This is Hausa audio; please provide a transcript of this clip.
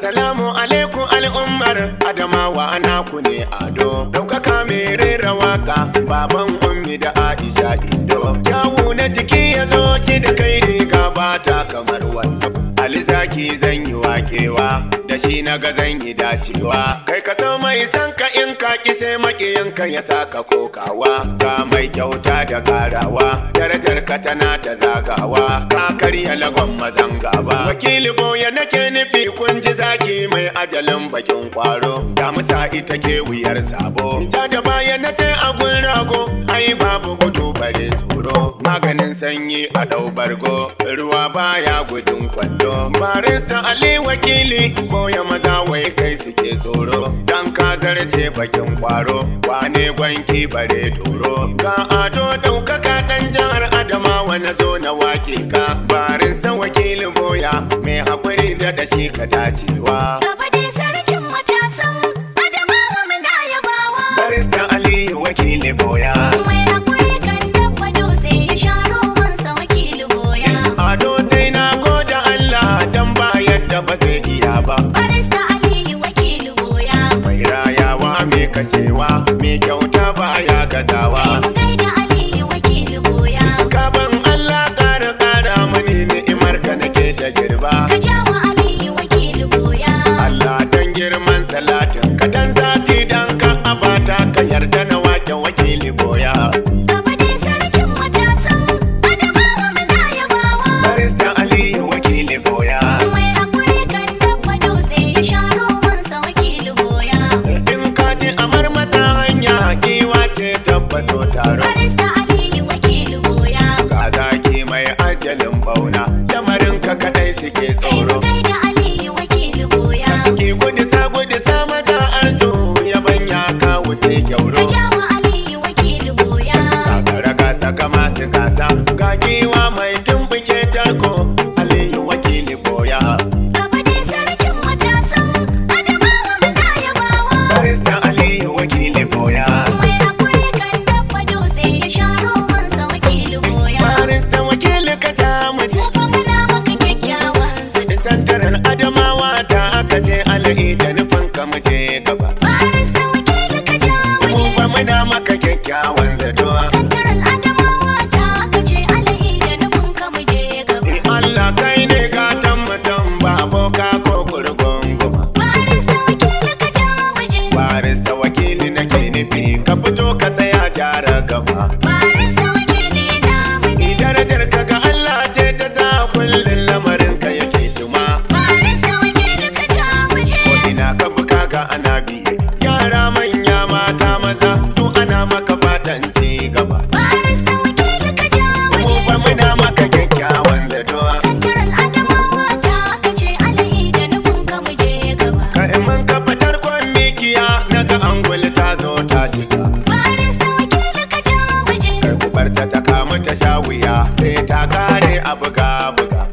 Assalamu alaikum al'ummar Adamawa naku ne ado ɗaukaka mai rera waka baban ummi da Aisha Indo Jawo na jiki ya zo shi da kai ne bata kamar wannan Ali zaki zan yi wakewa da shi naga ga zan yi dacewa kai ka san mai san ka in ka ki sai makiyin ka ya saka kokawa ga mai kyauta da ƙarawa, darajar ka tana ta zagawa ka karya lagon mazan gaba wakili boye nake nufi kun ji zaki mai ajalin bakin kwaro da musa ita ke wuyar sabo ja da baya na sai a rago ai babu gudu bare sanyi a dau bargo ruwa baya gudun kwando. barista ali wakili boye maza wai kai suke tsoro dan ka zarce bakin kwaro wane gwanki bare doro ga ado daukaka dan jihar adamawa na zo na wake ka barista wakili boya mai hakuri da dashi ka dacewa ba barista aliyu wakilu goya mai rayawa mai kasewa mai kyau lamarin ka kadai suke tsoro Ki gudu sa gudu sa maza arjo yabanya ka wuce kyauro Kakara gasa kama su gasa ga giwa mai tumbuke tarko je gaba. Baris waje. Kuma muna maka kyakkyawan zato. ta zo ta shiga baris da wakili ka jawo waje kai kubar ta ta kamu ta sha wuya sai ta kare a buga buga